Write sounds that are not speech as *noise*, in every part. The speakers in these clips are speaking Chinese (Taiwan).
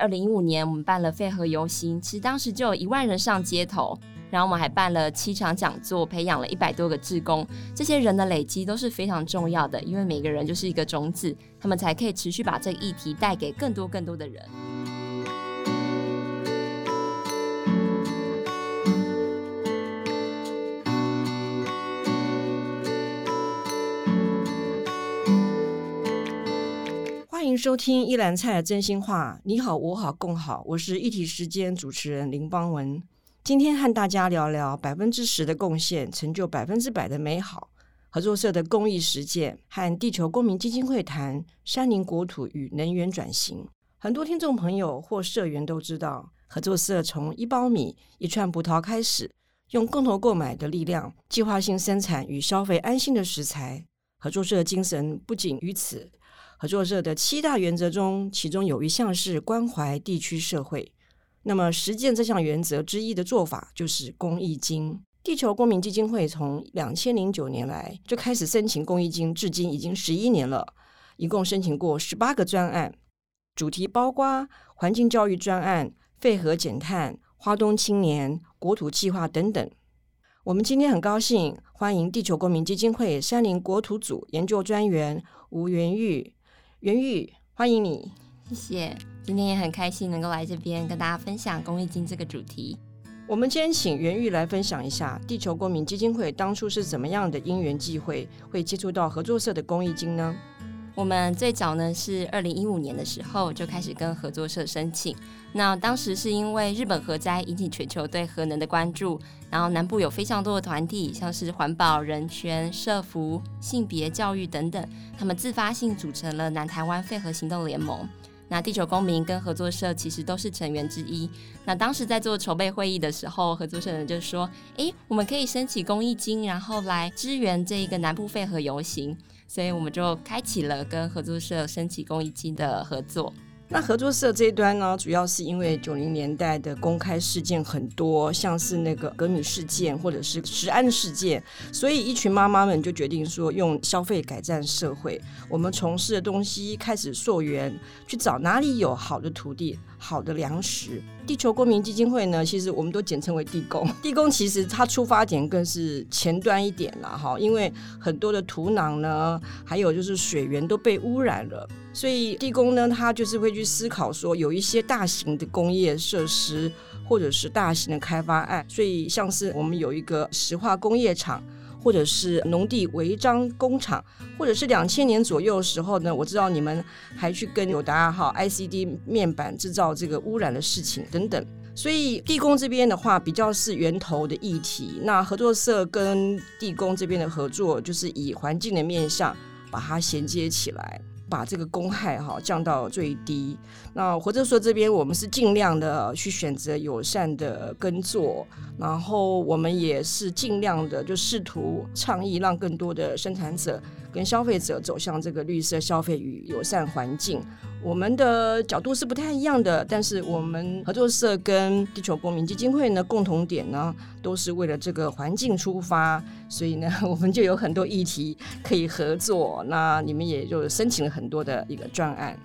二零一五年，我們辦了廢核遊行，其實當時就有一萬人上街頭，然後我們還辦了七場講座，培養了一百多個志工，這些人的累積都是非常重要的，因為每個人就是一個種子，他們才可以持續把這個議題帶給更多更多的人。收聽一籃菜的真心話，你好，我好，共好。我是一體時間主持人林邦文，今天和大家聊聊百分之十的貢獻，成就百分之百的美好，合作社的公益實踐，和地球公民基金會談，山林國土與能源轉型。很多聽眾朋友或社員都知道，合作社從一包米、一串葡萄開始，用共同購買的力量，計劃性生產與消費安心的食材。合作社精神不僅於此。合作社的七大原則中，其中有一項是關懷地區社會。那麼，實踐這項原則之一的做法就是公益金。地球公民基金會從兩千零九年來就開始申請公益金，至今已經十一年了，一共申請過十八個專案，主題包括環境教育專案、廢核減碳、花東青年、國土計劃等等。我們今天很高興歡迎地球公民基金會山林國土組研究專員吳沅諭。沅諭，歡迎你，謝謝。今天也很開心能夠來這邊跟大家分享公益金這個主題。我們今天請沅諭來分享一下，地球公民基金會當初是怎麼樣的因緣際會，會接觸到合作社的公益金呢？我們最早呢是二零一五年的時候就開始跟合作社申請。那當時是因為日本核災引起全球對核能的關注，然後南部有非常多的團體，像是環保、人權、社福、性別、教育等等，他們自發性組成了南台灣廢核行動聯盟。那地球公民跟合作社其實都是成員之一。那當時在做籌備會議的時候，合作社人就說：“誒、欸，我們可以申請公益金，然後來支援這一個南部廢核游行。”所以我們就開啟了跟合作社申請公益金的合作。那合作社這一端呢，主要是因為九零年代的公開事件很多，像是那個鎘米事件或者是食安事件，所以一群媽媽們就決定說，用消費改善社會。我們從事的東西開始溯源，去找哪裡有好的土地，好的糧食，地球公民基金會呢，其實我們都簡稱為地公地公。其實它出發點更是前端一點啦。哈，因為很多的土壤呢，還有就是水源都被污染了，所以地公呢，它就是會去思考說，有一些大型的工業設施或者是大型的開發案，所以像是我們有一個石化工業廠。或者是農地違章工廠，或者是兩千年左右的時候呢，我知道你們還去跟友達號 ICD 面板製造這個污染的事情等等。所以地公這邊的話，比較是源頭的議題。那合作社跟地公這邊的合作，就是以環境的面向把它銜接起來。把這個公害哈，降到最低，那或者說這邊我們是儘量的去選擇友善的耕作，然後我們也是儘量的就試圖倡議，讓更多的生產者跟消費者走向這個綠色消費與友善環境。我們的角度是不太一樣的，但是我們合作社跟地球公民基金會呢，共同點呢都是為了這個環境出發，所以呢我們就有很多議題可以合作。那你們也就申請了很多的一個專案。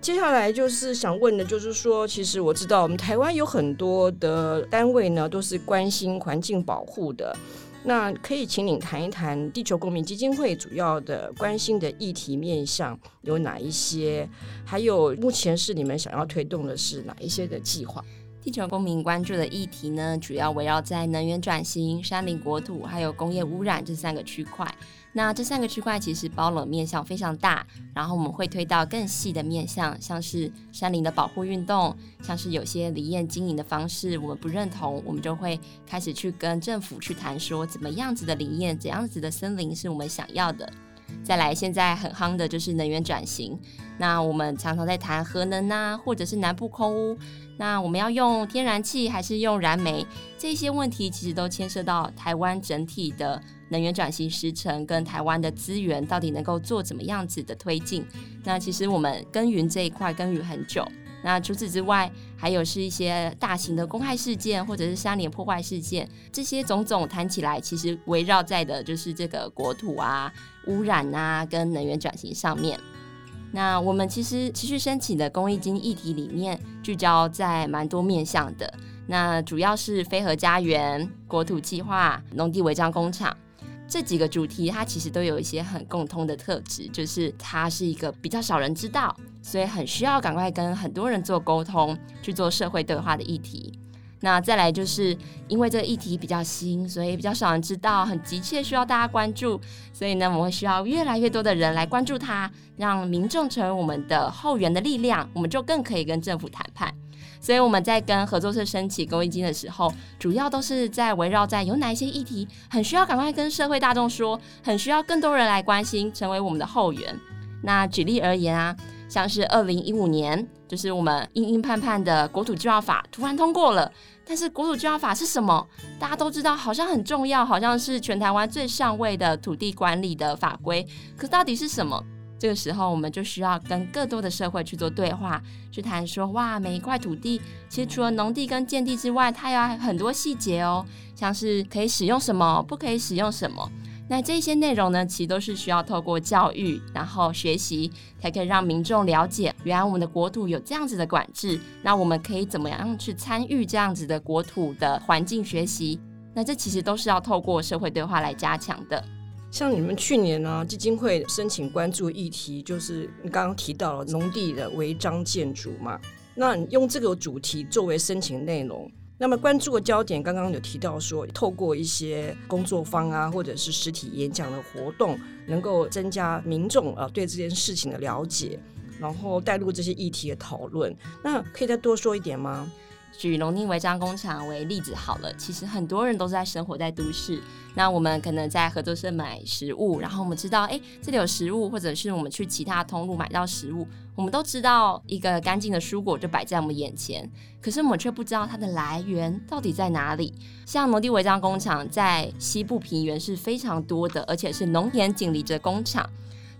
接下來就是想問的，就是說，其實我知道我們台灣有很多的單位呢，都是關心環境保護的。那可以，請你談一談地球公民基金會主要的關心的議題面向有哪一些，還有目前是你們想要推動的是哪一些的計劃。地球公民關注的議題呢，主要圍繞在能源轉型、山林國土，還有工業污染這三個區塊。那這三個區塊其實包容面向非常大，然後我們會推到更細的面向，像是山林的保護運動，像是有些林業經營的方式我們不認同，我們就會開始去跟政府去談，說怎麼樣子的林業，怎樣子的森林是我們想要的。再來，現在很夯的就是能源轉型。那我們常常在談核能吶、啊，或者是南部空污。那我們要用天然氣還是用燃煤？這些問題其實都牽涉到台灣整體的能源轉型時程，跟台灣的資源到底能夠做怎麼樣子的推進。那其實我們耕耘這一塊耕耘很久。那除此之外，還有是一些大型的公害事件，或者是山林破壞事件。這些種種談起來，其實圍繞在的就是這個國土啊、污染啊，跟能源轉型上面。那我們其實持續申請的公益金議題裡面，聚焦在蠻多面向的。那主要是非核家園、國土計劃、農地違章工廠這幾個主題，它其實都有一些很共通的特質，就是它是一個比較少人知道。所以很需要趕快跟很多人做溝通，去做社會對話的議題。那再來就是因為這個議題比較新，所以比較少人知道，很急切需要大家關注。所以呢，我們會需要越來越多的人來關注它，讓民眾成為我們的後援的力量，我們就更可以跟政府談判。所以我們在跟合作社申請公益金的時候，主要都是在圍繞在有哪一些議題，很需要趕快跟社會大眾說，很需要更多人來關心，成為我們的後援。那舉例而言啊。像是二零一五年，就是我們殷殷盼盼的國土計劃法突然通過了。但是國土計劃法是什麼？大家都知道，好像很重要，好像是全台灣最上位的土地管理的法規。可到底是什麼？這個時候我們就需要跟更多的社會去做對話，去談說，哇，每一塊土地，其實除了農地跟建地之外，它有很多細節哦，像是可以使用什麼，不可以使用什麼。那這些內容呢，其實都是需要透過教育、然後學習，才可以讓民眾了解，原來我們的國土有這樣子的管制，那我們可以怎麼樣去參與這樣子的國土的環境學習？那這其實都是要透過社會對話來加強的。像你們去年呢、啊，基金會申請關注議題，就是你剛剛提到了農地的違章建築嘛，那你用這個主題作為申請內容。那麼關注的焦點，剛剛有提到說，透過一些工作坊啊，或者是實體演講的活動，能夠增加民眾啊對這件事情的了解，然後帶入這些議題的討論。那可以再多說一點嗎？舉農地違章工廠為例子好了，其實很多人都是在生活在都市。那我們可能在合作社買食物，然後我們知道，哎、欸，這裡有食物，或者是我們去其他通路買到食物，我們都知道一個乾淨的蔬果就擺在我們眼前，可是我們卻不知道它的來源到底在哪裡。像農地違章工廠在西部平原是非常多的，而且是農田緊鄰着工廠。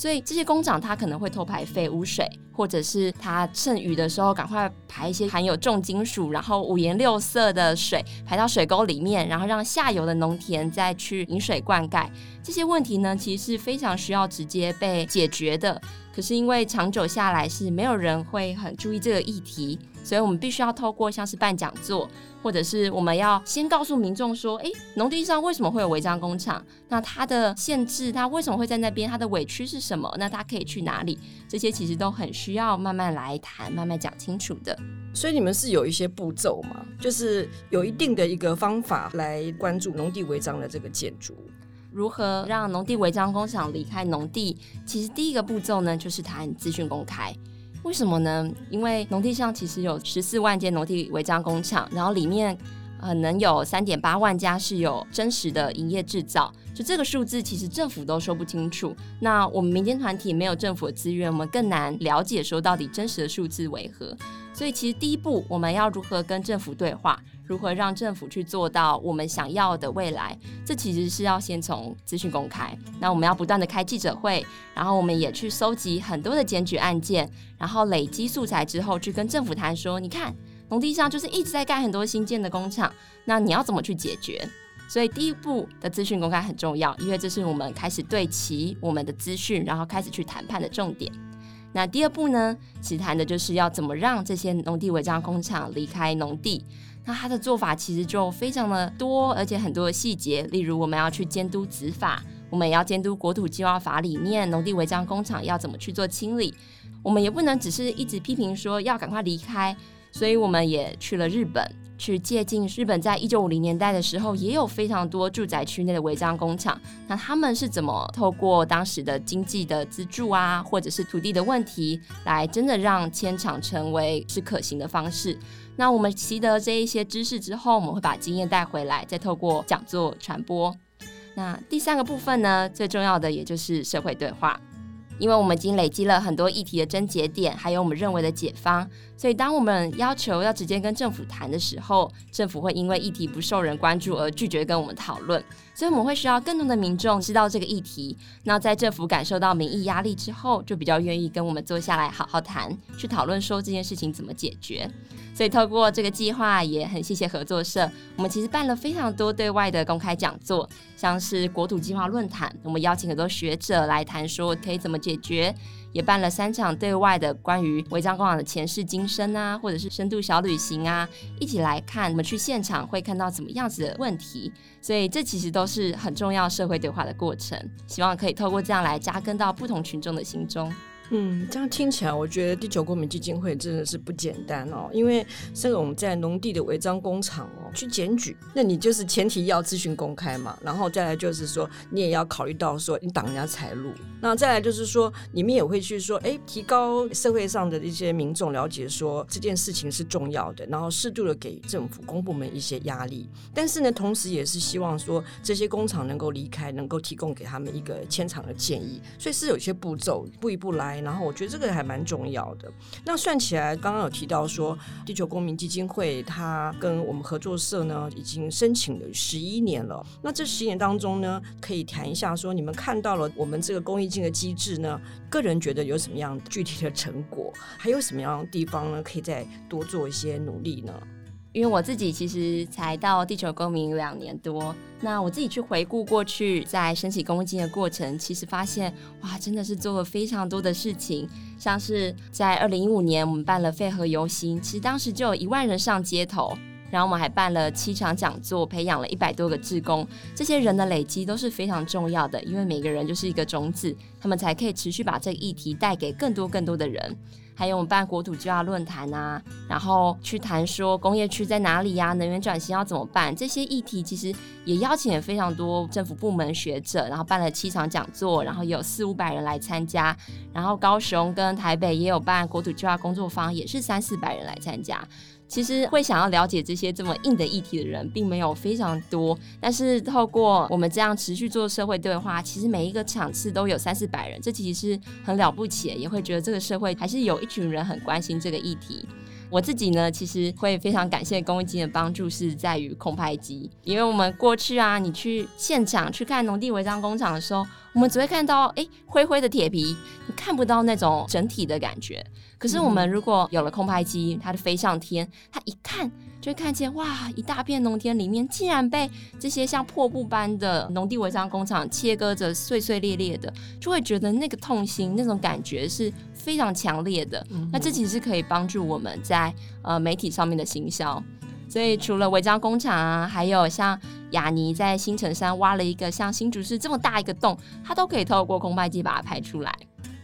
所以這些工廠它可能會偷排廢污水，或者是它趁雨的時候趕快排一些含有重金屬、然後五顏六色的水排到水溝裡面，然後讓下游的農田再去引水灌溉。這些問題呢，其實是非常需要直接被解決的。可是因為長久下來是沒有人會很注意這個議題。所以，我們必須要透過像是辦講座，或者是我們要先告訴民眾說，誒、欸，農地上為什麼會有違章工廠？那它的限制，它為什麼會在那邊？它的委屈是什麼？那它可以去哪裡？這些其實都很需要慢慢來談，慢慢講清楚的。所以，你們是有一些步驟嗎？就是有一定的一個方法來關注農地違章的這個建築，如何讓農地違章工廠離開農地？其實第一個步驟呢，就是談資訊公開。為什麼呢？因為農地上其實有十四萬間農地違章工廠，然後裡面可、呃、能有三點八萬家是有真實的營業製造，就這個數字其實政府都說不清楚。那我們民間團體沒有政府的資源，我們更難了解說到底真實的數字為何。所以其實第一步，我們要如何跟政府對話，如何讓政府去做到我們想要的未來，這其實是要先從資訊公開。那我們要不斷地開記者會，然後我們也去蒐集很多的檢舉案件，然後累積素材之後去跟政府談說：你看，農地上就是一直在蓋很多新建的工廠，那你要怎麼去解決？所以第一步的資訊公開很重要，因為這是我們開始對齊我們的資訊，然後開始去談判的重點。那第二步呢，其實談的就是要怎麼讓這些農地違章工廠離開農地。那他的做法其實就非常的多，而且很多的細節，例如我們要去監督執法，我們也要監督國土計劃法裡面農地違章工廠要怎麼去做清理。我們也不能只是一直批評說要趕快離開。所以我們也去了日本，去借鑑日本在一九五零年代的時候，也有非常多住宅區內的違章工廠。那他們是怎麼透過當時的經濟的資助啊，或者是土地的問題，來真的讓遷廠成為是可行的方式？那我們習得這一些知識之後，我們會把經驗帶回來，再透過講座傳播。那第三個部分呢，最重要的也就是社會對話。因為我們已經累積了很多議題的症結點，還有我們認為的解方，所以當我們要求要直接跟政府談的時候，政府會因為議題不受人關注而拒絕跟我們討論。所以我們會需要更多的民眾知道這個議題，那在政府感受到民意壓力之後，就比較願意跟我們坐下來好好談，去討論說這件事情怎麼解決。所以透過這個計劃，也很謝謝合作社，我們其實辦了非常多對外的公開講座，像是國土計劃論壇，我們邀請很多學者來談說可以怎麼解。解決也辦了三場對外的關於違章工廠的前世今生啊，或者是深度小旅行啊，一起來看我們去現場會看到怎麼樣子的問題，所以這其實都是很重要社會對話的過程，希望可以透過這樣來扎根到不同群眾的心中。嗯，這樣聽起來，我覺得地球公民基金會真的是不簡單哦。因為這個我們在農地的違章工廠哦，去檢舉，那你就是前提要資訊公開嘛，然後再來就是說，你也要考慮到說你擋人家財路，那再來就是說，你們也會去說，哎、欸，提高社會上的一些民眾了解說這件事情是重要的，然後適度的給政府公部門一些壓力，但是呢，同時也是希望說這些工廠能夠離開，能夠提供給他們一個遷廠的建議，所以是有些步驟，一步一步來。然後我覺得這個還蠻重要的。那算起來，剛剛有提到說，地球公民基金會它跟我們合作社呢，已經申請了十一年了。那這十一年當中呢，可以談一下說，你們看到了我們這個公益金的機制呢？個人覺得有什麼樣具體的成果？還有什麼樣的地方呢？可以再多做一些努力呢？因為我自己其實才到地球公民兩年多，那我自己去回顧過去在升請公金的過程，其實發現哇，真的是做了非常多的事情，像是在二零一五年我們辦了廢核遊行，其實當時就有一萬人上街頭，然後我們還辦了七場講座，培養了一百多個志工，這些人的累積都是非常重要的，因為每個人就是一個種子，他們才可以持續把這個議題帶給更多更多的人。還有我們辦國土計劃論壇啊，然後去談說工業區在哪裡呀、啊，能源轉型要怎麼辦這些議題，其實也邀請了非常多政府部門學者，然後辦了七場講座，然後也有四五百人來參加，然後高雄跟台北也有辦國土計劃工作坊，也是三四百人來參加。其實會想要了解這些這麼硬的議題的人，並沒有非常多。但是透過我們這樣持續做社會對話，其實每一個場次都有三四百人，這其實是很了不起，也會覺得這個社會還是有一群人很關心這個議題。我自己呢，其實會非常感謝公益金的幫助，是在於空拍機。因為我們過去啊，你去現場去看農地違章工廠的時候，我們只會看到哎、欸、灰灰的鐵皮，你看不到那種整體的感覺。可是我們如果有了空拍機，它就飛上天，它一看。就看見哇，一大片農田裡面竟然被這些像破布般的農地違章工廠切割着碎碎裂裂的，就會覺得那個痛心，那種感覺是非常強烈的、嗯。那這其實可以幫助我們在呃媒體上面的行銷，所以除了違章工廠啊，還有像亞泥在新城山挖了一個像新竹市這麼大一個洞，它都可以透過空拍機把它拍出來。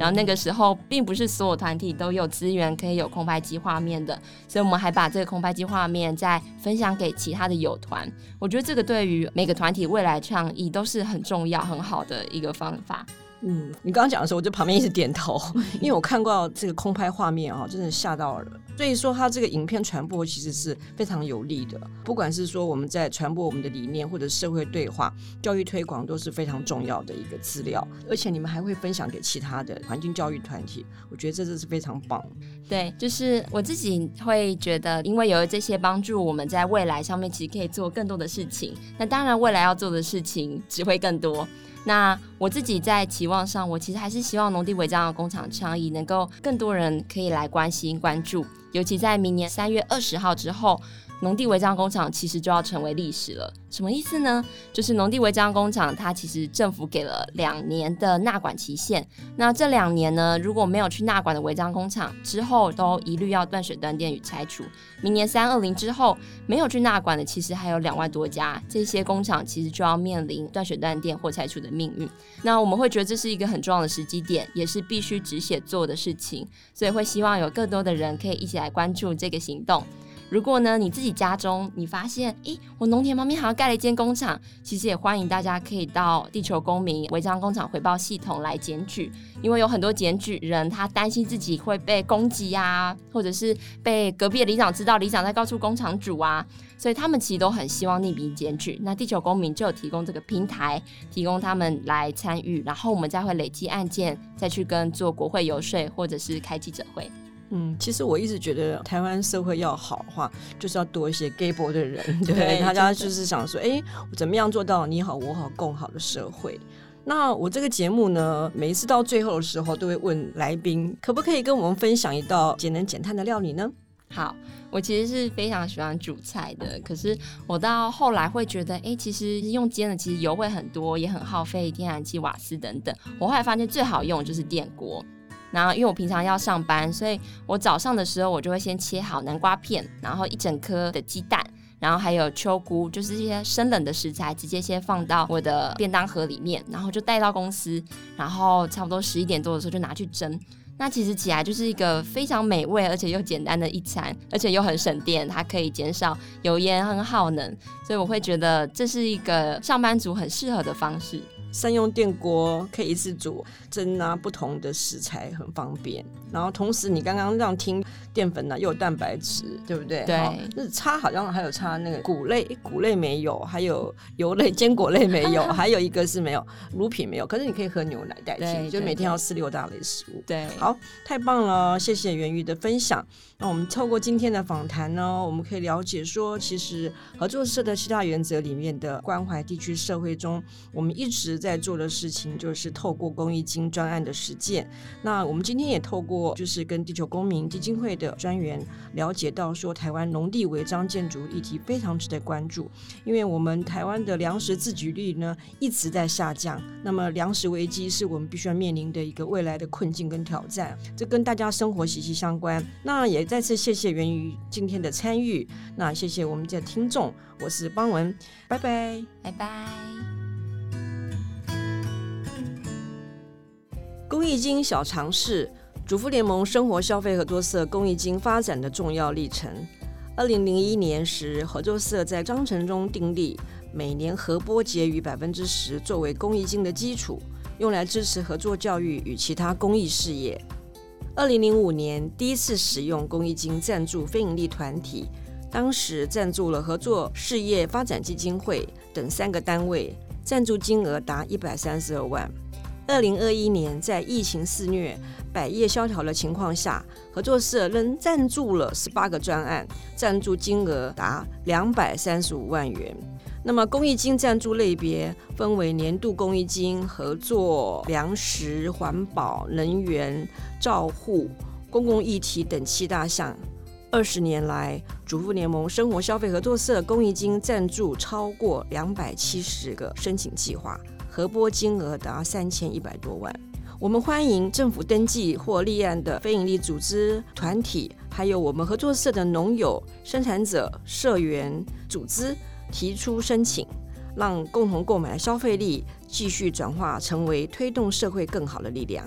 然後那個時候，並不是所有團體都有資源可以有空拍機畫面的，所以我們還把這個空拍機畫面再分享給其他的友團。我覺得這個對於每個團體未來倡議都是很重要、很好的一個方法。嗯，你剛剛講的時候，我就旁邊一直點頭，因為我看過這個空拍畫面啊，真的嚇到了。所以說，它這個影片傳播其實是非常有利的，不管是說我們在傳播我們的理念，或者社會對話、教育推廣，都是非常重要的一個資料。而且你們還會分享給其他的環境教育團體，我覺得真的是非常棒。對，就是我自己會覺得，因為有了這些幫助，我們在未來上面其實可以做更多的事情。那當然，未來要做的事情只會更多。那我自己在期望上，我其實還是希望農地違章的工廠倡議能夠更多人可以來關心、關注，尤其在明年三月二十號之後，農地違章工廠其實就要成為歷史了，什麼意思呢？就是農地違章工廠，它其實政府給了兩年的納管期限。那這兩年呢，如果沒有去納管的違章工廠，之後都一律要斷水斷電與拆除。明年三二零之後，沒有去納管的，其實還有兩萬多家，這些工廠其實就要面臨斷水斷電或拆除的命運。那我們會覺得這是一個很重要的時機點，也是必須止血做的事情，所以會希望有更多的人可以一起來關注這個行動。如果呢，你自己家中你發現，咦、欸，我農田旁邊好像蓋了一間工廠，其實也歡迎大家可以到地球公民違章工廠回報系統來檢舉，因為有很多檢舉人他擔心自己會被攻擊啊，或者是被隔壁的里長知道，里長在告訴工廠主啊，所以他們其實都很希望匿名檢舉，那地球公民就有提供這個平台，提供他們來參與，然後我們再會累積案件，再去跟做國會遊說或者是開記者會。嗯，其實我一直覺得台灣社會要好的話，就是要多一些 gable 的人，對，對，大家就是想說，哎、欸，我怎麼樣做到你好我好共好的社會？那我這個節目呢，每一次到最後的時候，都會問來賓，可不可以跟我們分享一道節能減碳的料理呢？好，我其實是非常喜歡煮菜的，可是我到後來會覺得，哎、欸，其實用煎的，其實油會很多，也很耗費天然氣、瓦斯等等。我後來發現，最好用的就是電鍋。然後，因為我平常要上班，所以我早上的時候我就會先切好南瓜片，然後一整顆的雞蛋，然後還有秋菇，就是這些生冷的食材，直接先放到我的便當盒裡面，然後就帶到公司，然後差不多十一點多的時候就拿去蒸。那其實起來就是一個非常美味，而且又簡單的一餐，而且又很省電，它可以減少油煙和耗能，所以我會覺得這是一個上班族很適合的方式。三用電鍋可以一次煮蒸啊，不同的食材很方便。然後同時你剛剛讓聽，澱粉呢、啊、又有蛋白質，對不對？對，那差好像還有差那個谷類，谷類沒有，還有油類、堅果類沒有， *laughs* 還有一個是沒有乳品沒有。可是你可以喝牛奶代替，就每天要吃六大類食物。對，好，太棒了，謝謝沅諭的分享。那我們透過今天的訪談呢，我們可以了解說，其實合作社的七大原則裡面的關懷地區社會中，我們一直。在做的事情，就是透過公益金專案的實踐。那我們今天也透過就是跟地球公民基金會的專員了解到說，台灣農地違章建築議題非常值得關注，因為我們台灣的糧食自給率呢一直在下降。那麼糧食危機是我們必須要面臨的一個未來的困境跟挑戰，這跟大家生活息息相關。那也再次謝謝沅諭今天的參與，那謝謝我們的聽眾，我是邦文，拜拜，拜拜。公益金小常識，主婦聯盟生活消費合作社公益金發展的重要歷程。二零零一年時，合作社在章程中訂立，每年核撥結餘百分之十作為公益金的基礎，用來支持合作教育與其他公益事業。二零零五年，第一次使用公益金贊助非營利團體，當時贊助了合作事業發展基金會等三個單位，贊助金額達一百三十二萬。二零二一年，在疫情肆虐、百業蕭條的情況下，合作社仍贊助了十八個專案，贊助金額達兩百三十五萬元。那麼，公益金贊助類別分為年度公益金、合作糧食、環保、能源、照護、公共議題等七大項。二十年來，主婦聯盟生活消費合作社公益金贊助超過兩百七十個申請計劃。合撥金額達三千一百多萬。我們歡迎政府登記或立案的非營利組織、團體，還有我們合作社的農友、生產者、社員組織提出申請，讓共同購買的消費力繼續轉化成為推動社會更好的力量。